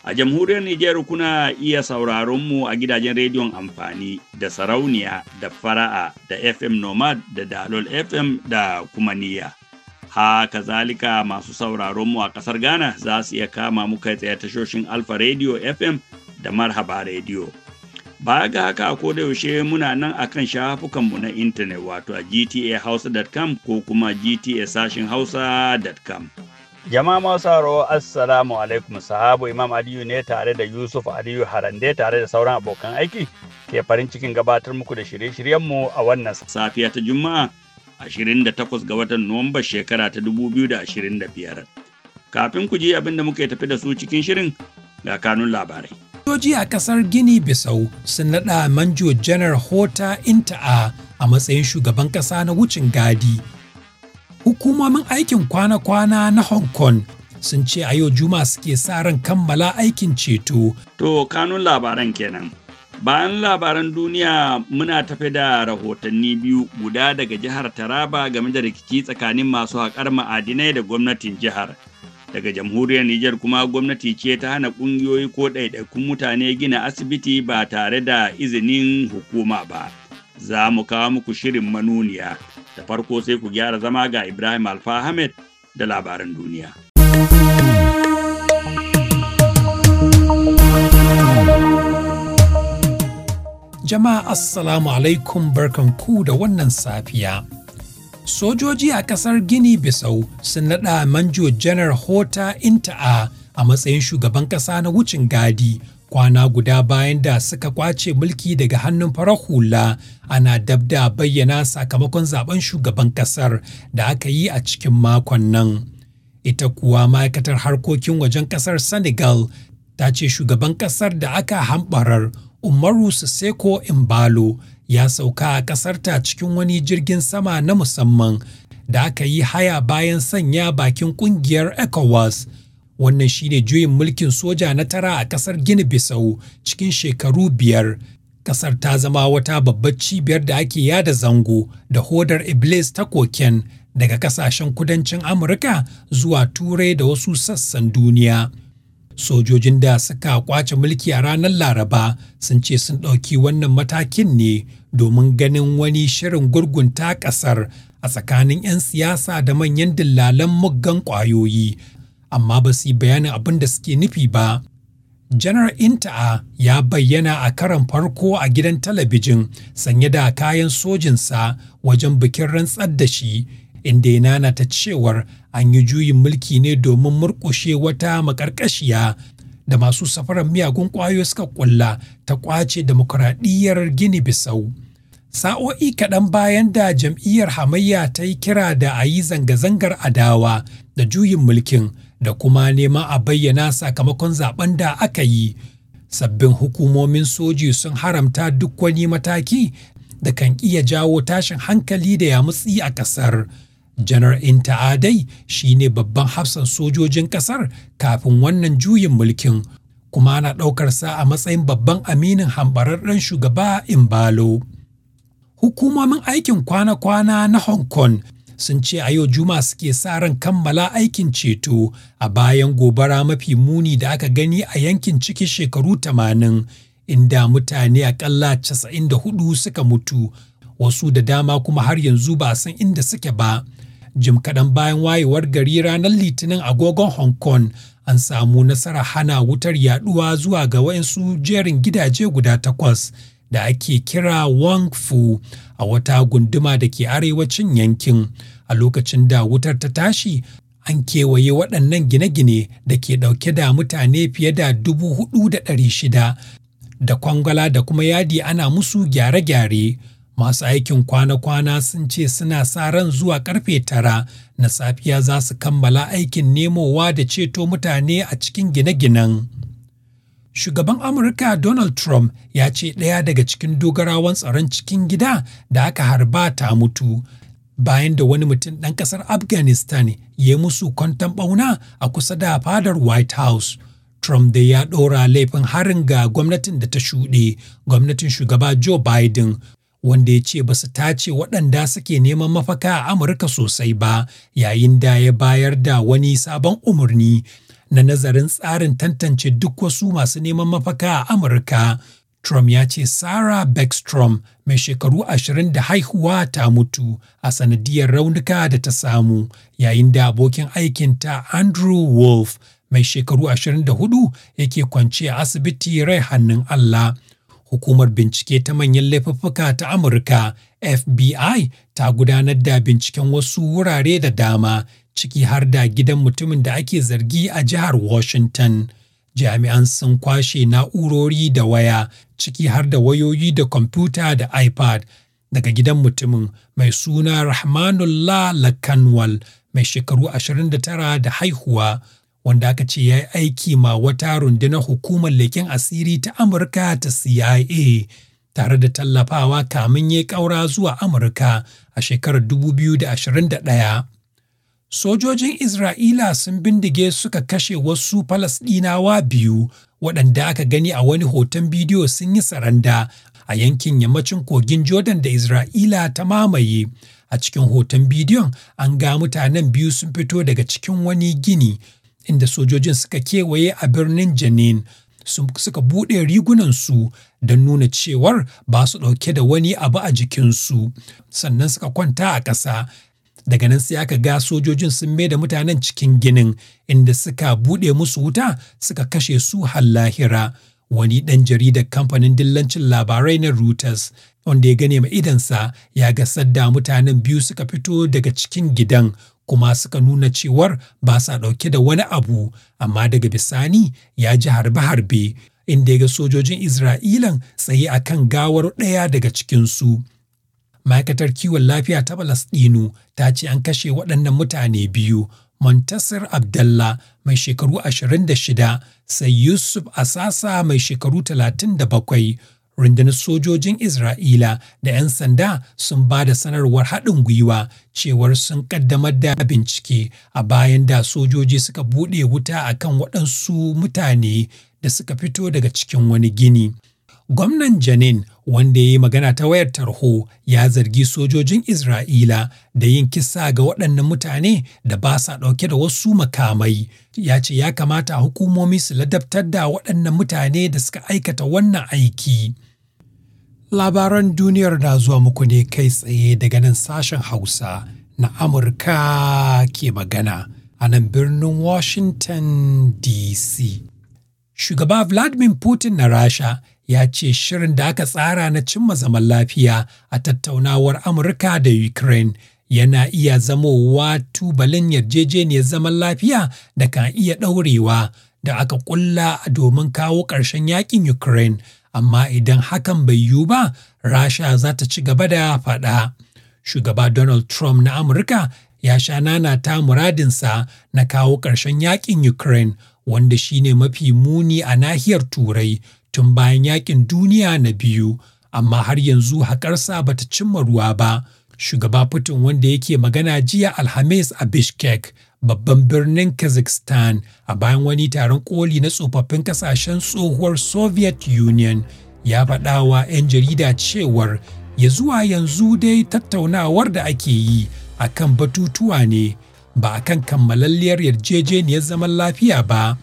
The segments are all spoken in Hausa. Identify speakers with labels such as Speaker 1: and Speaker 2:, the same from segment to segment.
Speaker 1: A jamhuriyar Nijar kuna iya sauraron mu a gidajen rediyon amfani da sarauniya da fara'a da FM Nomad da Dalol FM da kuma niyya. Haka zalika masu sauraron mu a ƙasar Ghana za su iya kama mu kai tsaye tashoshin Alfa Radio FM da Marhaba Radio. Ba ga haka a yaushe muna nan akan mu na intanet wato a gtahausa.com ko kuma gta sashin hausa.com. Jama'a masu Assalamu alaikum sahabu Imam Aliyu ne tare da Yusuf Aliyu Harande tare da sauran abokan aiki ke farin cikin gabatar muku da shirye-shiryenmu a wannan safiya ta Juma'a 28 ga watan Nuwamba shekara ta 2025. Kafin ku ji abin da muka tafi da su cikin shirin ga kanun labarai.
Speaker 2: Sojoji a kasar Gini Bissau sun naɗa Manjo Janar Hota Inta'a a matsayin shugaban ƙasa na wucin gadi. hukumomin aikin kwana-kwana na Hong Kong sun ce a yau juma suke sa ran kammala aikin ceto. To, kanun
Speaker 1: labaran kenan. Bayan labaran duniya muna tafe da rahotanni biyu guda daga jihar Taraba game da rikici tsakanin masu haƙar ma'adinai da gwamnatin jihar. Daga jamhuriyar Nijar kuma gwamnati ce ta hana ƙungiyoyi ko ɗaiɗaikun mutane gina asibiti ba tare da izinin hukuma ba. Za mu kawo muku shirin manuniya. Da farko sai ku gyara zama ga Ibrahim Alfa da labaran duniya.
Speaker 2: Jama'a Assalamu alaikum barkan ku da wannan safiya. Sojoji a ƙasar Gini Bisau sun naɗa Manjo Janar Hota Inta'a a matsayin shugaban ƙasa na wucin gadi kwana guda bayan da suka kwace mulki daga hannun farar hula ana dab da bayyana sakamakon zaben shugaban kasar da aka yi a cikin makon nan ita kuwa ma'aikatar harkokin wajen kasar senegal ta ce shugaban kasar da aka hambarar umaru seko imbalo ya sauka a kasarta cikin wani jirgin sama na musamman da aka yi haya bayan sanya bakin ƙungiyar ecowas Wannan shine juyin mulkin soja na tara a ƙasar Gini Bisau cikin shekaru biyar. Ƙasar ta zama wata babbar cibiyar da ake yada zango da hodar Iblis ta koken daga ƙasashen kudancin Amurka zuwa Turai da wasu sassan duniya. Sojojin da suka kwace mulki a ranar Laraba sun ce sun ɗauki wannan matakin ne domin ganin wani shirin gurgunta ƙasar a tsakanin 'yan siyasa da manyan dillalan muggan ƙwayoyi amma ba su yi bayanin abin da suke nufi ba janar inta'a ya bayyana a karan farko a gidan talabijin sanye da kayan sojinsa wajen bikin rantsar da shi inda ya ta cewar an yi juyin mulki ne domin murƙushe wata makarƙashiya da masu safarar miyagun ƙwayo suka ƙulla ta ƙwace demokuraɗiyyar gini bisau sa'o'i kaɗan bayan da jam'iyyar hamayya ta yi kira da a yi zanga-zangar adawa da juyin mulkin da kuma neman a bayyana sakamakon zaben da aka yi sabbin hukumomin soji sun haramta duk wani mataki da kan iya jawo tashin hankali da ya yamutsi a ƙasar. janar inta shi shine babban hafsan sojojin ƙasar kafin wannan juyin mulkin kuma ana sa a matsayin babban aminin hambararren shugaba in balo. hukumomin aikin kwana-kwana na hong kong sun ce a yau juma suke sa ran kammala aikin ceto a bayan gobara mafi muni da aka gani a yankin ciki shekaru tamanin, inda mutane akalla 94 suka mutu wasu da dama kuma har yanzu ba san inda suke ba jim kaɗan bayan wayewar gari ranar litinin agogon hong kong an samu nasarar hana wutar yaduwa zuwa ga waɗansu jerin gidaje guda takwas da ake kira Wang Fu a wata gunduma da ke arewacin yankin a lokacin da wutar ta tashi an kewaye waɗannan gine-gine da ke ɗauke da mutane fiye da dubu hudu da ɗari shida da kwangala da kuma yadi ana musu gyare-gyare masu aikin kwana-kwana sun ce suna sa ran zuwa karfe tara na safiya za su kammala aikin nemowa da ceto mutane a cikin gine-ginen. Shugaban Amurka Donald Trump ya ce ɗaya daga cikin dogarawan tsaron cikin gida da aka harba ta mutu bayan da wani mutum ɗan ƙasar Afghanistan ya musu kwantan ɓauna a kusa da fadar White House. Trump da ya ɗora laifin harin ga gwamnatin da ta shuɗe, gwamnatin shugaba Joe Biden, wanda ya ce ba su tace waɗanda suke neman mafaka a Amurka sosai ba, yayin da ya bayar da wani sabon umarni na nazarin tsarin tantance duk wasu masu neman mafaka a Amurka. Trump ya ce Sarah Beckstrom mai shekaru ashirin da haihuwa ta mutu a sanadiyar raunuka da ta samu yayin da abokin aikinta Andrew Wolf mai shekaru ashirin da hudu yake kwance a asibiti rai hannun Allah. Hukumar bincike ta manyan laifuffuka ta Amurka FBI ta gudanar da binciken wasu wurare da dama ciki har da gidan mutumin da ake zargi a jihar Washington. Jami'an sun kwashe na'urori da waya, ciki har da wayoyi da kwamfuta da iPad daga gidan mutumin mai suna Rahmanullah Lakanwal mai shekaru 29 da haihuwa, wanda aka ce ya yi aiki ma wata rundunar hukumar leken asiri ta Amurka ta CIA. tare da tallafawa kamin ya ƙaura zuwa Amurka a shekarar 2021. sojojin Isra'ila sun bindige suka kashe wasu Falasɗinawa biyu waɗanda aka gani a wani hoton bidiyo sun yi saranda a yankin yammacin kogin Jordan da Isra'ila ta mamaye. A cikin hoton bidiyon an ga mutanen biyu sun fito daga cikin wani gini inda sojojin suka kewaye a birnin Janin suka buɗe rigunansu don nuna cewar ba su ɗauke da wani abu a jikinsu sannan suka kwanta a ƙasa daga nan sai aka ga sojojin sun mai da mutanen cikin ginin inda suka buɗe musu wuta suka kashe su hallahira lahira wani ɗan jaridar kamfanin dillancin labarai na reuters wanda ya gane mai idansa ya ga sadda mutanen biyu suka fito daga cikin gidan kuma suka nuna cewar ba sa ɗauke da wani abu amma daga bisani ya ji harbe-harbe inda ya ga sojojin isra'ilan tsaye akan gawar ɗaya daga cikinsu ma'aikatar kiwon lafiya ta Falasɗinu ta ce an kashe waɗannan mutane biyu Montasir Abdullah, mai shekaru 26 sai Yusuf Asasa mai shekaru 37 rundunar sojojin Isra'ila da 'yan sanda sun ba da sanarwar haɗin gwiwa cewar sun ƙaddamar da bincike a bayan da sojoji suka buɗe wuta a kan waɗansu mutane da suka fito daga cikin wani gini. Gwamnan Janin wanda ya yi magana ta wayar tarho ya zargi sojojin Isra'ila da yin kisa ga waɗannan mutane da ba sa ɗauke da wasu makamai. Ya ce ya kamata hukumomi su ladabtar da waɗannan mutane da suka aikata wannan aiki. Labaran duniyar na zuwa muku ne kai tsaye daga nan sashen Hausa na Amurka ke magana a nan birnin Washington DC. Shugaba Vladimir Putin na Rasha ya ce shirin da aka tsara na cimma zaman lafiya a tattaunawar Amurka da Ukraine yana iya zamowa tubalin yarjejeniyar zaman lafiya da kan iya ɗaurewa da aka ƙulla domin kawo ƙarshen yaƙin Ukraine, amma idan hakan bai yiwu ba, Rasha za ta ci gaba da faɗa. Shugaba Donald Trump na Amurka ya sha Nana ta muradinsa na kawo ƙarshen yaƙin Ukraine, wanda shine mafi muni a nahiyar Turai. tun bayan yakin duniya na biyu amma har yanzu haƙarsa ba ta cimma ruwa ba shugaba putin wanda yake magana jiya alhamis a bishkek babban birnin kazakhstan a bayan wani taron koli na tsofaffin ƙasashen tsohuwar soviet union ya faɗa wa 'yan jarida cewar ya zuwa yanzu dai tattaunawar da ake yi akan batutuwa ne ba akan kammalalliyar yarjejeniyar zaman lafiya ba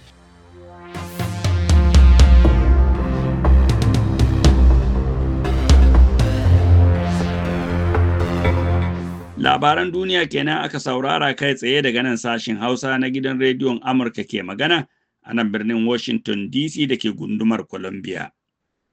Speaker 1: Labaran duniya kenan aka saurara kai tsaye daga nan sashin Hausa na gidan rediyon Amurka ke magana a nan birnin Washington DC da ke gundumar Columbia.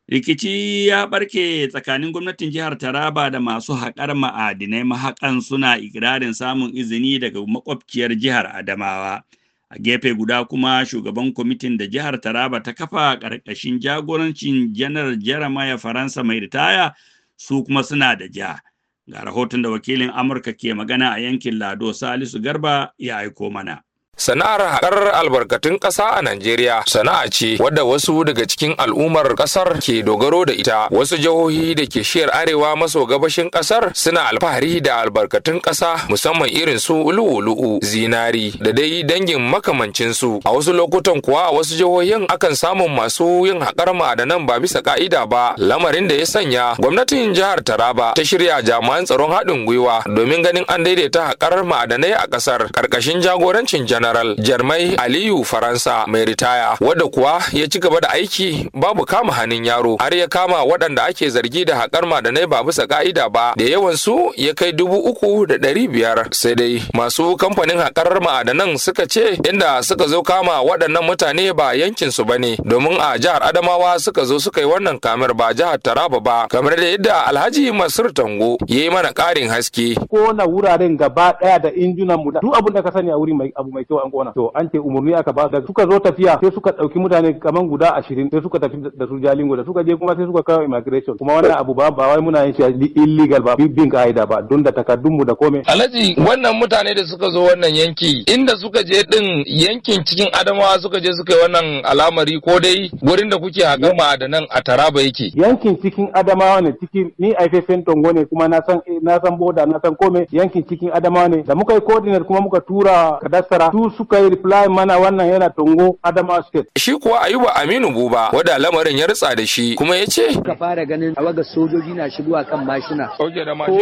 Speaker 1: Rikici ya barke tsakanin gwamnatin jihar Taraba da masu haƙar ma'adinai mahaƙan suna ikirarin samun izini daga makwabciyar jihar Adamawa. A gefe guda kuma shugaban kwamitin da jihar Taraba ta kafa ƙarƙashin jagorancin janar Jeremiah Faransa mai ritaya su kuma suna da ja. Ga rahoton da wakilin Amurka ke magana a yankin Lado Salisu Garba ya aiko mana. Sana'ar
Speaker 3: haƙar albarkatun ƙasa a Najeriya sana'a ce wadda wasu daga cikin al'ummar ƙasar ke dogaro da ita. Wasu jihohi da ke shiyar arewa maso gabashin ƙasar suna alfahari da albarkatun ƙasa musamman irin su lu'u-lu'u, zinari da dai dangin makamancin su. A wasu lokutan kuwa a wasu jihohin akan samun masu yin haƙar ma'adanan ba bisa ƙa'ida ba, lamarin da ya sanya gwamnatin jihar Taraba ta shirya jami'an tsaron haɗin gwiwa domin ganin an daidaita haƙar ma'adanai a ƙasar ƙarƙashin jagorancin jana. janaral Jarmai Aliyu Faransa mai ritaya wadda kuwa ya ci gaba da aiki babu kama hannun yaro har ya kama waɗanda ake zargi da haƙar ma da madanai ba bisa ka'ida ba da yawan su ya kai dubu uku da ɗari biyar sai dai masu kamfanin haƙar ma'adanan suka ce inda suka zo kama waɗannan mutane ba yankin su bane domin a jihar Adamawa suka zo suka yi wannan kamar ba jihar Taraba ba kamar da yadda Alhaji Masur Tango ya yi mana ƙarin haske.
Speaker 4: Kona wuraren gaba ɗaya da injunan mu duk abin da ka sani a wuri abu mai kyau cewa an kona to an ce umarni aka ba da suka zo tafiya sai suka ɗauki mutane kaman guda ashirin sai suka tafi da su jalingo da suka je kuma sai suka kawo immigration kuma wannan abu ba ba wai muna yin shi illegal ba bin ka'ida ba don da takardunmu da komai
Speaker 3: alhaji wannan mutane da suka zo wannan yanki inda suka je din yankin cikin adamawa suka je suka yi wannan alamari ko dai wurin da kuke haƙar ma'adanan a taraba yake
Speaker 4: yankin cikin adamawa ne cikin ni aifafen tongo ne kuma na san na san boda na san komai yankin cikin adamawa ne da muka yi coordinate kuma muka tura kadassara suka yi reply mana wannan yana tungo Adamawa State.
Speaker 3: Shi kuwa Ayuba Aminu Buba wada lamarin ya ritsa da
Speaker 5: shi kuma ya ce. Ka fara ganin waga sojoji na shigowa kan mashina. Ko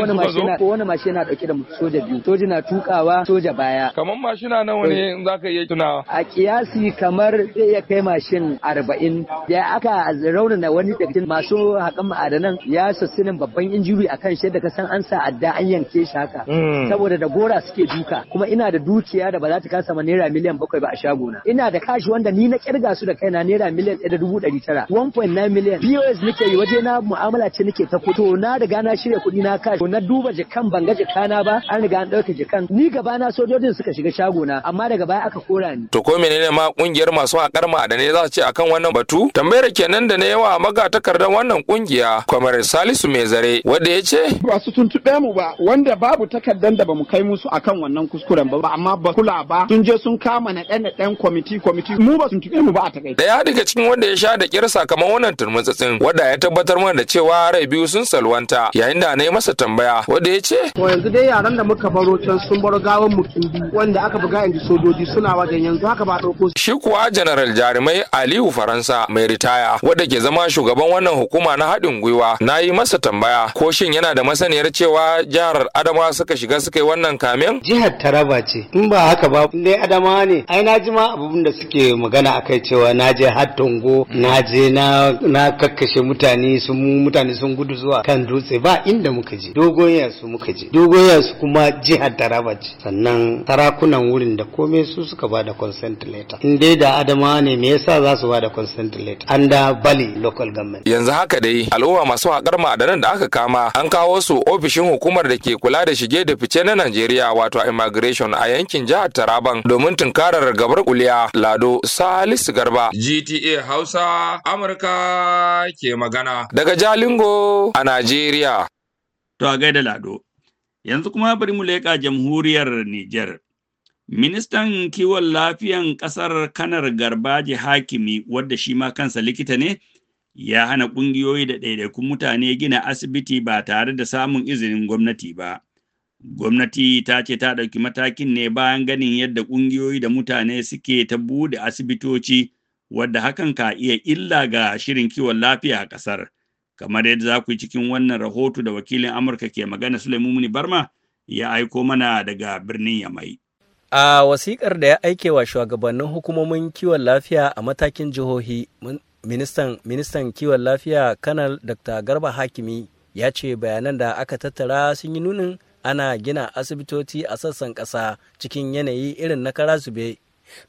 Speaker 5: wani mashina ko wani mashina dauke da soja biyu. Soja na tukawa soja baya. Kamar mashina nawa ne eh. in ka iya tunawa. A kiyasi kamar zai iya kai mashin arba'in da aka na wani daga masu hakan ma'adanan ya sassinin babban injiri a kan shi da ka san an sa adda an yanke shi haka. Hmm. Saboda da gora suke duka kuma ina da dukiya da ba za ta kasa sama naira miliyan bakwai ba a shago na ina da kashi wanda ni na kirga su da kaina naira miliyan ɗaya da dubu ɗari tara one point nine miliyan POS nake yi waje na mu'amala ce nake ta to na riga na shirya kuɗi na kashi na duba jikan ban ga na ba an riga an ɗauke jikan ni gaba na sojojin suka shiga shago na amma daga baya aka kora ni.
Speaker 3: To ko menene ma kungiyar masu haƙar ma'adanai za ce akan wannan batu? Tambayar kenan da na yawa maga takardar wannan kungiya Kwamar Salisu Mai Zare wanda ya ce.
Speaker 6: Ba su tuntuɓe mu ba
Speaker 7: wanda babu takardar da bamu kai musu akan wannan kuskuren ba amma ba kula ba je sun kama na ɗan ɗan kwamiti kwamiti mu ba sun tuɓe mu ba a takaice.
Speaker 3: Daya daga cikin wanda ya sha da ƙyar sakamakon wannan turmutsatsin wanda ya tabbatar mana da cewa rai biyu sun salwanta yayin da na yi masa tambaya wanda ya ce. To
Speaker 5: yanzu dai yaran da muka baro can sun baro gawan kindi wanda aka buga yanzu sojoji suna wajen yanzu haka ba ɗauko. Shi kuwa
Speaker 3: Janaral Jarumai Aliyu Faransa mai ritaya wanda ke zama shugaban wannan hukuma na haɗin gwiwa na yi masa tambaya ko shin yana da masaniyar cewa jihar Adamawa suka shiga suka yi wannan kamen?
Speaker 8: Jihar Taraba ce in ba haka ba dai adama ne ai na ji ma abin da suke magana akai cewa na je har tongo na je na na kakkashe mutane sun mutane sun gudu zuwa kan dutse ba inda muka je dogon yasu muka je dogon yasu kuma jihar taraba ce sannan sarakunan wurin da komai su suka ba da consent letter in dai da adama ne me yasa za su ba da consent letter an bali local government
Speaker 3: yanzu haka dai al'umma masu haƙar ma'adanan da aka kama an kawo su ofishin hukumar da ke kula da shige da fice na Najeriya wato immigration a yankin jihar Taraba daban domin tunkarar gabar kuliya Lado Salisu Garba. GTA Hausa Amurka ke magana. Daga
Speaker 1: Jalingo a Najeriya. To a gaida Lado. Yanzu kuma bari mu leƙa jamhuriyar Nijar. Ministan kiwon lafiyan ƙasar Kanar Garbaji Hakimi wadda shi ma kansa likita ne ya hana ƙungiyoyi da ɗaiɗaikun mutane gina asibiti ba tare da samun izinin gwamnati ba. Gwamnati ta ce ta ɗauki matakin ne bayan ganin yadda ƙungiyoyi da mutane suke ta bude asibitoci wadda hakan ka iya illa ga shirin kiwon lafiya a ƙasar. Kamar yadda za ku yi cikin wannan rahoto da wakilin Amurka ke magana Sulaimuni Barma ya aiko mana daga birnin Yamai.
Speaker 5: A wasikar da ya aike wa shugabannin hukumomin kiwon lafiya a matakin jihohi, ministan, ministan kiwon lafiya Kanal Dr. Garba Hakimi ya ce bayanan da aka tattara sun yi nunin ana gina asibitoci a sassan ƙasa cikin yanayi irin na karasube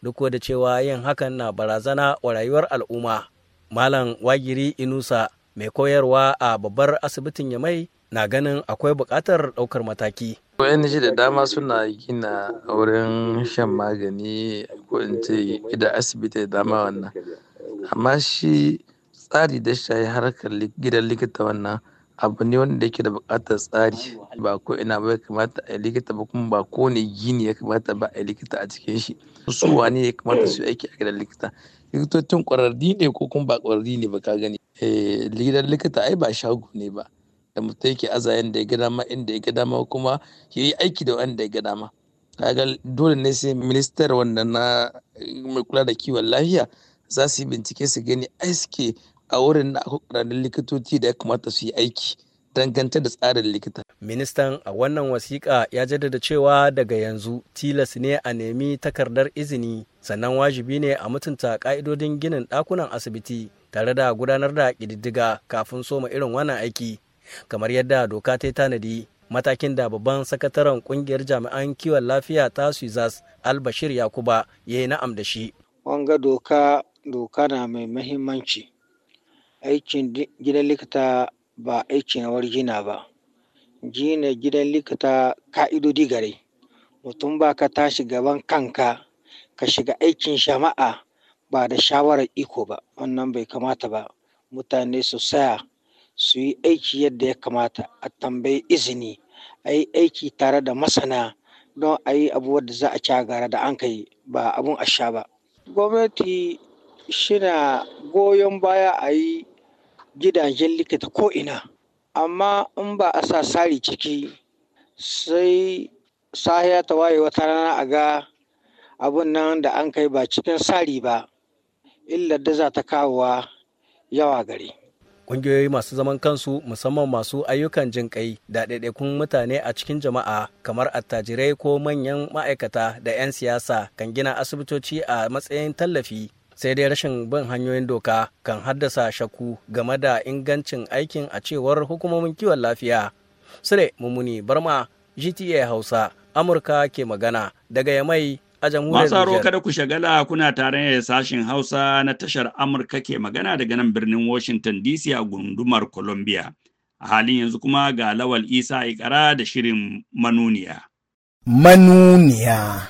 Speaker 5: duk da cewa yin hakan na barazana wa rayuwar al'umma malam wagiri inusa mai koyarwa a babbar asibitin yamai na ganin akwai buƙatar ɗaukar mataki shi da dama suna gina wurin shan magani ko in ce gida asibiti da dama wannan amma shi tsari da shi harkar gidan likita wannan abu ne wanda yake da buƙatar tsari ba ko ina ba kamata a likita ba kuma ba ko ne gini ya kamata ba a likita a cikin shi su wani ya kamata su aiki a gidan likita likitocin ƙwararri ne ko kuma ba ƙwararri ne ba ka gani eh, gidan likita ai ba shago ne ba da mutum yake aza yanda ya ga ma inda ya ga ma kuma ya yi aiki da wanda ya ga dama kaga dole ne sai ministar wanda na mai kula da kiwon lafiya za su yi bincike su gani ai suke a wurin na ƙwararrun likitoci da ya kamata su yi aiki dangance da tsarin likita. Ministan a wannan wasiƙa ya jaddada cewa daga yanzu tilas ne a nemi takardar izini sannan wajibi ne a mutunta ƙa'idodin ginin ɗakunan asibiti tare da gudanar da ƙididdiga kafin soma irin wannan aiki kamar yadda doka ta yi tanadi matakin da babban sakataren ƙungiyar jami'an kiwon lafiya ta suizas albashir yakuba ya yi na'am da shi. wanga doka doka na mai muhimmanci. Aikin gidan likita ba aikin war jina ba. gina gidan likita ka'idodi gare. Mutum ba ka tashi gaban kanka ka shiga aikin shama'a ba da shawarar iko ba. Wannan bai kamata ba. Mutane su tsaya su yi aiki yadda ya kamata. A tambayi izini, a yi aiki tare da masana don a yi abu wadda za a ci gara da an kai ba abun a sha ba. Gwamnati shina goyon baya a yi gidajen likita ko'ina amma in ba a sa sari ciki sai sahiya ta waye wata rana a ga abun nan da an kai ba cikin sari ba illa da za ta kawowa yawa gari. Ƙungiyoyi masu zaman kansu musamman masu ayyukan jin kai da ɗaiɗaikun mutane a cikin jama'a kamar attajirai ko manyan ma'aikata da 'yan siyasa kan gina asibitoci a matsayin tallafi sai dai rashin bin hanyoyin doka kan haddasa shakku game da ingancin aikin a cewar hukumomin kiwon lafiya Sire mummuni barma gta hausa amurka ke magana daga yamai a jamhuriyar Masu kada ku
Speaker 1: shagala kuna tare da sashen Hausa na tashar Amurka ke magana daga nan birnin Washington DC a gundumar Columbia. A halin yanzu kuma ga Lawal Isa Ikara da shirin Manuniya. Manuniya.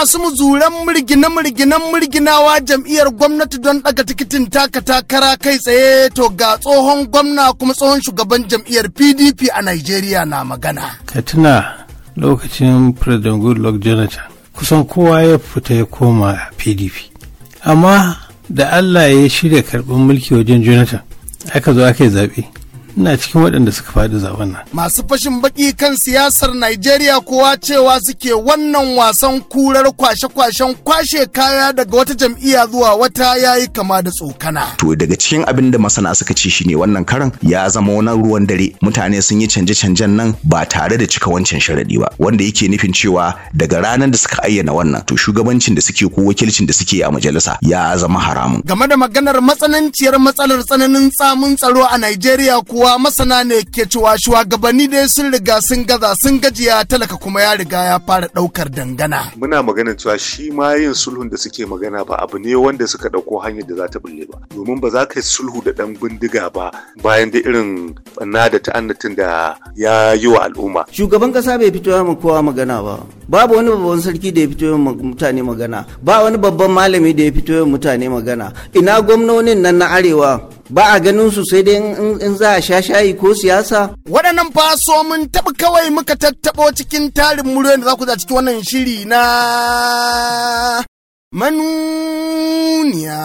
Speaker 6: masu muzuren murgina murginan murginawa jam'iyyar gwamnati don daga tikitin taka takara kai tsaye to ga tsohon gwamna kuma tsohon shugaban jam'iyyar pdp a nigeria na magana
Speaker 4: ka tuna lokacin president goodluck jonathan kusan kowa ya fita ya koma pdp amma da allah ya shirya karɓar mulki wajen jonathan aka zo aka yi zaɓe ina cikin waɗanda suka faɗi zaben nan.
Speaker 6: Masu fashin baƙi kan siyasar Najeriya kowa cewa suke wannan wasan kurar kwashe-kwashen kwashe kaya daga wata jam'iyya zuwa wata yayi kama da tsokana.
Speaker 7: To daga cikin abin da masana suka ce shine wannan karan ya zama wani ruwan dare mutane sun yi canje-canjen nan ba tare da cika wancan sharaɗi ba wanda yake nufin cewa daga ranar da suka ayyana wannan to shugabancin da suke ko wakilcin da suke a majalisa ya zama haramun.
Speaker 6: Game da maganar matsananciyar matsalar tsananin tsamin tsaro a Najeriya kuwa cewa masana ne ke cewa shugabanni dai sun riga sun gaza sun gajiya talaka kuma ya riga ya fara daukar dangana.
Speaker 9: Muna magana cewa shi ma yin sulhun da suke magana ba abu ne wanda suka dauko hanyar da za ta bulle ba. Domin ba za ka yi sulhu da dan bindiga ba bayan da irin na da ta'annatin da ya yi wa al'umma.
Speaker 8: Shugaban kasa bai fito ya kowa magana ba. Babu wani babban sarki da ya fito ya mutane magana. Ba wani babban malami da ya fito ya mutane magana. Ina gwamnonin nan na arewa ba a ganin su sai dai in za a sha shayi ko siyasa.
Speaker 6: Waɗannan faso mun taɓa kawai muka tattaɓo cikin tarin muryoyin da za ku za cikin wannan shiri na manuniya.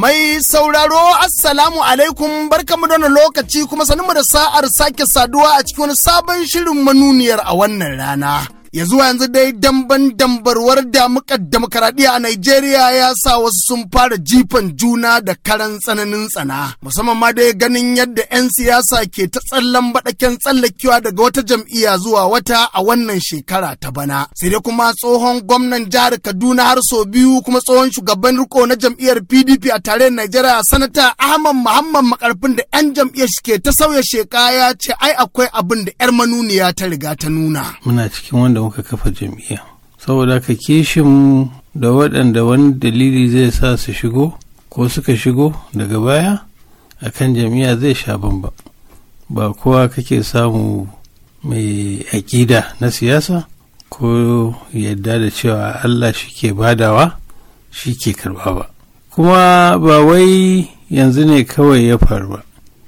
Speaker 6: Mai sauraro Assalamu alaikum barkamu da wannan lokaci kuma sanin mu da sa'ar sake saduwa a cikin wani sabon shirin manuniyar a wannan rana. ya zuwa yanzu dai damban dambarwar muka demokaradiyya a Najeriya ya sa wasu sun fara jifan juna da karan tsananin tsana musamman ma dai ganin yadda 'yan siyasa ke ta tsallan baɗaken tsallakewa daga wata jam'iyya zuwa wata a wannan shekara ta bana sai dai kuma tsohon gwamnan jihar Kaduna har sau biyu kuma tsohon shugaban riko na jam'iyyar PDP a tarayyar Najeriya sanata Ahmad Muhammad Makarfin da 'yan jam'iyyar ke ta sauya sheka ya ce ai akwai abin da 'yar manuniya ta riga ta nuna
Speaker 4: da muka kafa jam'iyya saboda ka kishin da waɗanda wani dalili zai sa su shigo ko suka shigo daga baya a kan jam'iyya zai sha bamba ba kowa kake samu mai aƙida na siyasa ko yadda da cewa allah shi ke badawa shi ke karɓa ba kuma ba wai yanzu ne kawai ya faru ba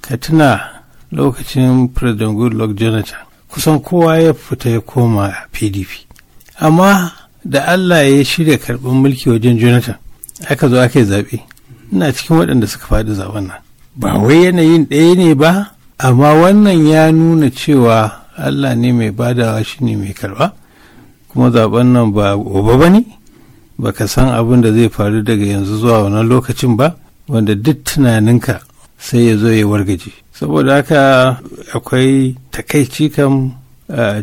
Speaker 4: ka tuna lokacin president goodluck jonathan kusan kowa ya fita ya koma pdp amma da allah ya shirya karɓar mulki wajen jonathan aka zo aka yi zaɓe ina cikin waɗanda suka faɗi zaɓen nan ba wai yanayin ɗaya ne ba amma wannan ya nuna cewa allah ne mai badawa shi ne mai karɓa kuma zaɓen nan ba gobe ba ne Ba ka san abin da zai faru daga yanzu zuwa wannan lokacin ba wanda duk tunaninka sai ya zo ya wargaje saboda haka akwai takaici kan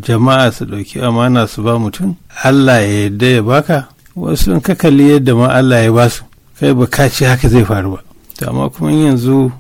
Speaker 4: jama'a su ɗauki amana su ba mutum allah ya yadda ya baka wasu in ka kalli yadda ma allah ya basu kai ba ka ce haka zai faru ba to amma kuma yanzu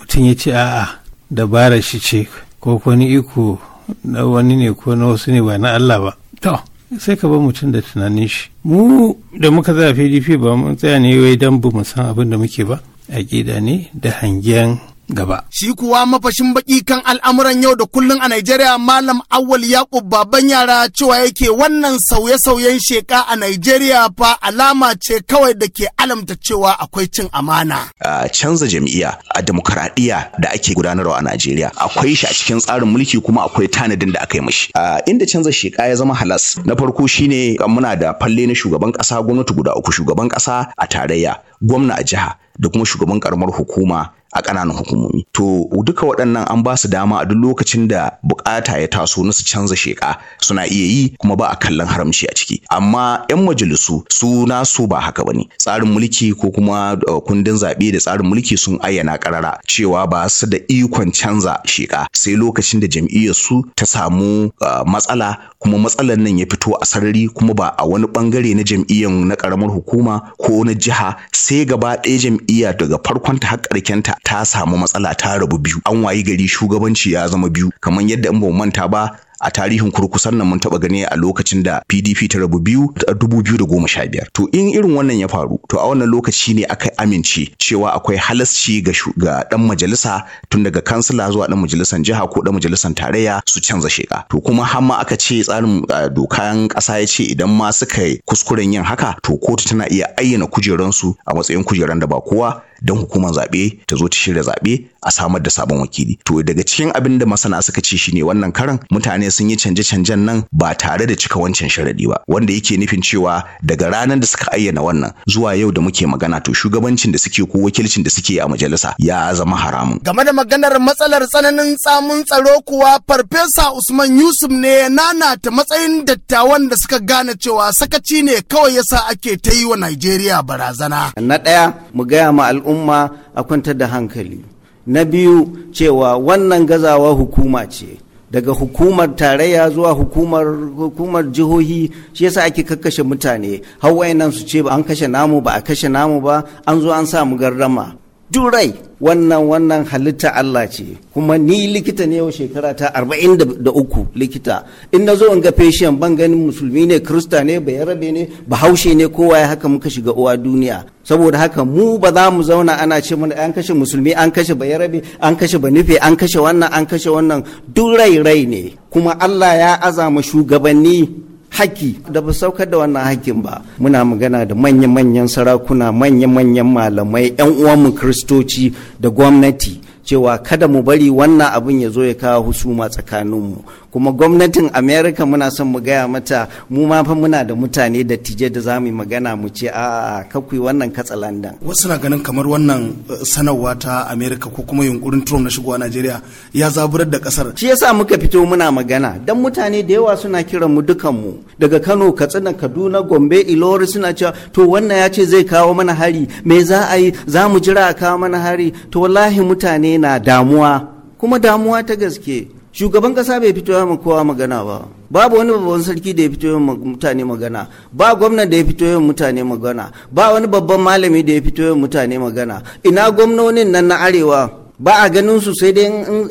Speaker 4: mutum ya ce a'a dabara shi ce ko wani iko na wani ne ko na wasu ne ba na allah ba to sai ka bar mutum da tunanin shi mu da muka zafi pdp ba mun tsaya ne wai don bu mu san abin da muke ba a ne da hangen gaba.
Speaker 6: Shi kuwa mafashin baƙi kan al'amuran yau da kullun a Najeriya Malam Awul Yakub baban yara cewa yake wannan sauye-sauyen sheka a Najeriya fa alama ce kawai da ke alamta cewa akwai cin amana.
Speaker 7: A canza jam'iyya a demokaradiyya da ake gudanarwa a Najeriya akwai shi a cikin tsarin mulki kuma akwai tanadin da aka yi mashi. A inda canza sheka ya zama halas na farko shine muna da falle na shugaban ƙasa gwamnati guda uku shugaban ƙasa a tarayya gwamna a jiha da kuma shugaban ƙaramar hukuma a ƙananan hukumomi to duka waɗannan an ba su dama a duk lokacin da buƙata ya taso na su canza sheka suna iya yi kuma ba a kallon haramci a ciki amma 'yan majalisu su nasu ba haka bane tsarin mulki ko kuma uh, kundin zaɓe da tsarin mulki sun ayyana ƙarara cewa ba su da ikon canza sheka sai lokacin da jam'iyyar su ta samu uh, matsala kuma matsalar nan ya fito a sarari kuma ba a wani bangare na jam'iyyar na ƙaramar hukuma ko na jiha sai gaba ɗaya jam'iyya daga farkonta har ƙarkenta ta samu matsala ta rabu biyu an wayi gari shugabanci ya zama biyu kamar yadda in ba manta ba a tarihin kurkusan nan mun taba gani a lokacin da PDP ta rabu biyu a biyar. to in irin wannan ya faru to a wannan lokaci ne aka amince cewa akwai halasci ga ga dan majalisa tun daga kansila zuwa ɗan majalisan jiha ko ɗan majalisan tarayya su canza sheka to kuma har ma aka ce tsarin dokan kasa ya ce idan ma suka yi kuskuren yin haka to kotu tana iya ayyana kujeransu a matsayin kujeran da ba kowa don hukumar zaɓe ta zo ta shirya zaɓe a samar da sabon wakili to daga cikin abin da masana suka ce shine wannan karan mutane sun yi canje-canjen nan ba tare da cika wancan sharadi ba wanda yake nufin cewa daga ranar da suka ayyana wannan zuwa yau da muke magana to shugabancin da suke ko wakilcin da suke a majalisa ya zama haramun
Speaker 6: game da maganar matsalar tsananin tsamun tsaro kuwa farfesa Usman Yusuf ne ya nanata matsayin dattawan da suka gane cewa sakaci ne kawai yasa ake ta yi wa
Speaker 8: Najeriya barazana na ɗaya mu gaya ma al'umma al'umma a kwantar da hankali na biyu cewa wannan gazawa hukuma ce daga hukumar tarayya zuwa hukumar hukumar jihohi shi yasa ake kakkashe mutane har nan su ce ba an kashe namu ba a kashe namu ba an zo an samu garrama duk wannan wannan halitta Allah ce kuma ni likita ne yau shekara ta arba'in uku likita in na zo in ga fashiyan ban ganin musulmi ne krista ne bayarabe ne bahaushe ne kowa ya haka muka shiga uwa duniya saboda haka mu ba za mu zauna ana ce mana an kashe musulmi an kashe bayarabe an kashe banufe an kashe wannan an kashe wannan durai rai ne kuma Allah ya azama shugabanni haki da ba saukar da wannan hakin ba muna magana da manya-manyan sarakuna manya-manyan malamai 'yan uwanmu kristoci da gwamnati cewa kada mu bari wannan abin ya zo ya kawo husuma tsakaninmu kuma gwamnatin america muna son mu gaya mata mu ma fa muna da mutane da tije da za mu magana mu ce a a kakwai wannan katsalandan wasu na ganin kamar wannan eh, sanarwa ta america ko kuma yunkurin trump na shigowa najeriya ya zaburar da kasar shi yasa muka fito muna magana dan mutane da yawa suna kiran mu dukan mu daga kano katsina kaduna gombe ilori suna cewa to wannan ya ce zai kawo mana hari me za a yi za mu jira a kawo mana hari to wallahi mutane na damuwa kuma damuwa ta gaske shugaban kasa bai fito yawan kowa magana ba babu wani babban sarki da ya fito yawan mutane magana ba gwamnan da ya fito yin mutane magana ba wani babban malami da ya fito yawan mutane magana ina gwamnonin nan na arewa ba a ganin su sai dai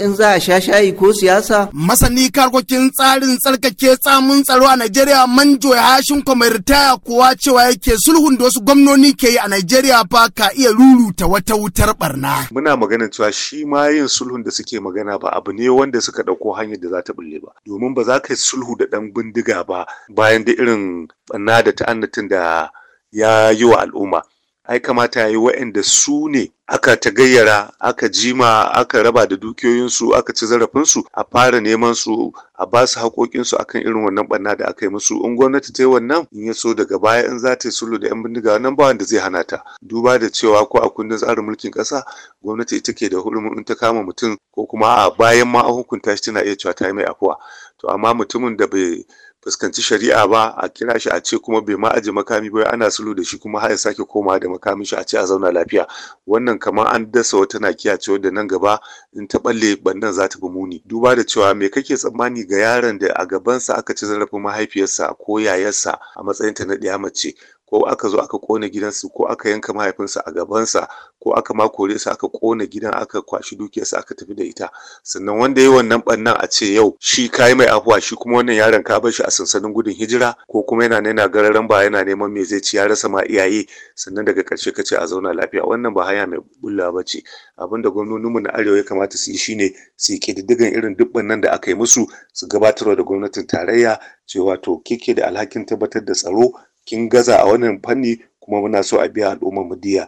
Speaker 8: in za a sha shayi ko siyasa. Masani karkokin tsarin
Speaker 6: tsarkake tsamin tsaro a Najeriya Manjo Hashin mai ritaya kuwa cewa yake sulhun da wasu gwamnoni ke yi a Najeriya ba ka iya ruruta wata wutar barna.
Speaker 9: Muna magana cewa shi ma yin sulhun da suke magana ba abu ne wanda suka ɗauko hanyar da za ta bulle ba. Domin ba za ka yi sulhu da ɗan bindiga ba bayan da irin barna da ta'annatin da ya yi wa al'umma. ai kamata ya yi waɗanda su ne aka ta gayyara aka jima aka raba da dukiyoyinsu aka ci zarafinsu a fara neman su a ba su haƙoƙinsu akan irin wannan ɓanna da aka yi musu in gwamnati ta yi wannan in ya so daga baya in za ta yi sulhu da 'yan bindiga wannan ba wanda zai hana ta duba da cewa ko a kundin tsarin mulkin ƙasa gwamnati ita ke da hurumin in ta kama mutum ko kuma a bayan ma a hukunta shi tana iya cewa ta yi mai afuwa to amma mutumin da bai fuskanci shari'a ba a kira shi a ce kuma bai ma aji makami ba ana sulhu da shi kuma har ya sake koma da makamin shi a ce a zauna lafiya wannan kamar an dasa wata na ce da nan gaba in ta balle bandan za ta fi muni duba da cewa me kake tsammani ga yaron da a gabansa aka ci zarafin mahaifiyarsa ko yayarsa a matsayinta na ɗiya mace ko aka zo aka kona gidansu ko aka yanka mahaifinsa a gabansa ko aka ma kore su aka kona gidan aka kwashi dukiyarsa aka tafi da ita sannan wanda ya wannan bannan a ce yau shi kai mai afuwa shi kuma wannan yaron ka bar shi a sansanin gudun hijira ko kuma yana nena gararan ba yana neman me zai ci ya rasa ma iyaye sannan daga karshe kace a zauna lafiya wannan ba haya mai bulla ba ce abinda mu na arewa ya kamata su yi shine su yi kididdigan irin duk bannan da aka yi musu su gabatarwa da gwamnatin tarayya cewa to kike da alhakin tabbatar da tsaro kin gaza a wannan fanni kuma muna so a biya al'ummar mu diya.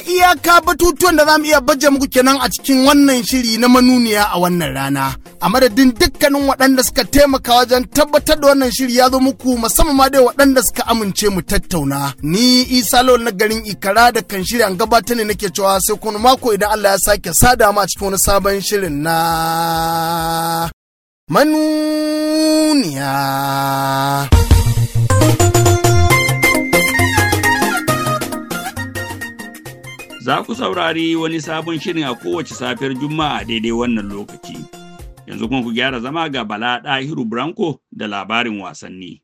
Speaker 6: iyaka batutuwan da za mu iya baje muku kenan a cikin wannan shiri na manuniya a wannan rana. A madadin dukkanin waɗanda suka taimaka wajen tabbatar da wannan shiri ya zo muku musamman ma dai waɗanda suka amince mu tattauna. Ni Isa Lawal na garin Ikara da kan shirya an gabatar ne nake cewa sai kuma mako idan Allah ya sake sada mu a cikin wani sabon shirin na manuniya.
Speaker 1: za ku saurari wani sabon shirin a kowace safiyar Juma'a daidai wannan lokaci. Yanzu kuma ku gyara zama ga Bala Ɗahiru Branko da labarin wasanni.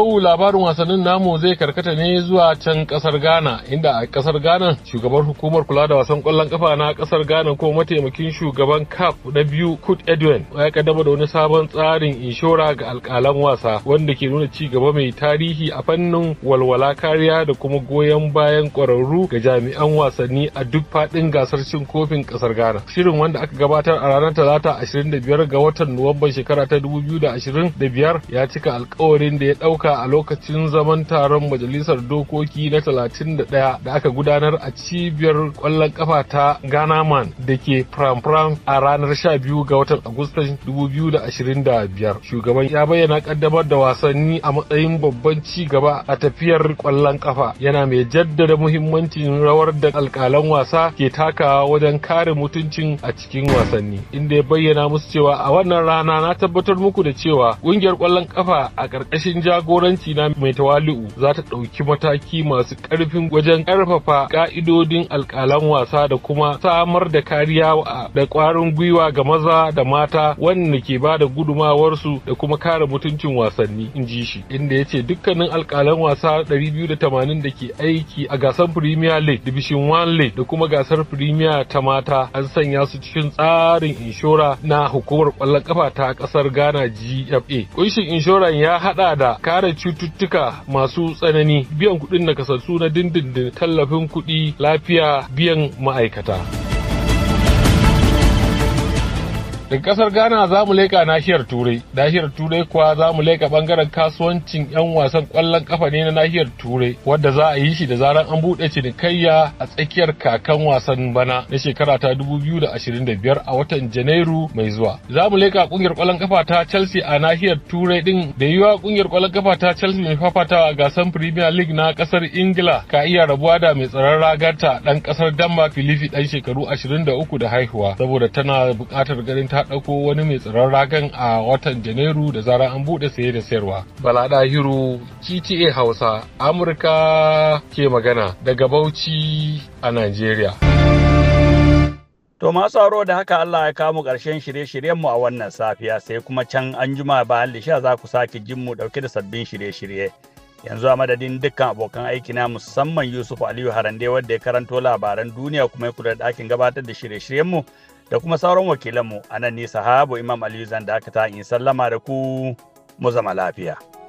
Speaker 10: yau labarin wasannin namu zai karkata ne zuwa can kasar Ghana inda a kasar Ghana shugaban hukumar kula da wasan kwallon kafa na kasar Ghana ko mataimakin shugaban CAF na biyu Kut Edwin ya kaddama da wani sabon tsarin inshora ga alkalan wasa wanda ke nuna ci gaba mai tarihi a fannin walwala kariya da kuma goyon bayan ƙwararru ga jami'an wasanni a duk fadin gasar cin kofin kasar Ghana. Shirin wanda aka gabatar a ranar Talata 25 ga watan Nuwamban shekara ta 2025 ya cika alkawarin da ya ɗauka a lokacin zaman taron majalisar dokoki na 31 da aka gudanar a cibiyar ƙwallon ƙafa ta Ghana man da ke Pram pram a ranar 12 ga watan Agustan 2025. Shugaban ya bayyana kaddamar da wasanni a matsayin babban ci gaba a tafiyar ƙwallon ƙafa yana mai jaddada muhimmancin rawar da alkalan wasa ke takawa wajen kare mutuncin a cikin wasanni inda ya bayyana musu cewa a wannan rana na tabbatar muku da cewa ƙungiyar ƙwallon ƙafa a ƙarƙashin jago jagoranci na mai tawali'u za ta ɗauki mataki masu ƙarfin wajen ƙarfafa ƙa'idodin alƙalan wasa da kuma samar da kariya da ƙwarin gwiwa ga maza da mata wanda ke ba da gudumawarsu da kuma kare mutuncin wasanni in ji shi inda ya ce dukkanin alƙalan wasa 280 da ke aiki a gasar premier league division 1 league da kuma gasar premier ta mata an sanya su cikin tsarin inshora na hukumar ƙwallon ƙafa ta ƙasar ghana gfa ƙunshin inshoran ya haɗa da kare da cututtuka masu tsanani biyan kuɗin nakasassu na dindindin tallafin kuɗi lafiya biyan ma'aikata. daga kasar ghana za mu leka nahiyar turai nahiyar turai kuwa za mu leka bangaren kasuwancin yan wasan kwallon kafa ne na nahiyar turai wadda za a yi shi da zaran an buɗe cinikayya a tsakiyar kakan wasan bana na shekara ta 2025 a watan janairu mai zuwa za mu leka kungiyar kwallon kafa ta chelsea a nahiyar turai din da yiwuwa kungiyar kwallon kafa ta chelsea mai fafatawa a gasar premier league na kasar ingila ka iya rabuwa da mai tsaron ragarta dan kasar denmark filifi dan shekaru 23 da haihuwa saboda tana bukatar ganin ta ta ɗauko wani mai tsaron ragan a watan janairu da zara an buɗe saye da sayarwa balada hiru gta hausa amurka ke magana daga bauchi a nigeria To ma tsaro da haka Allah ya mu karshen
Speaker 1: shirye-shiryenmu a wannan safiya sai kuma can an juma bayan lisha za ku sake jin mu ɗauke da sabbin shirye-shirye. Yanzu a madadin dukkan abokan aiki na musamman Yusuf Aliyu Harande wanda ya karanto labaran duniya kuma ya kula da ɗakin gabatar da shirye-shiryenmu da kuma sauran wakilanmu a nan ne sahabu Imam Aliyu zan da aka ta in sallama da ku mu zama lafiya.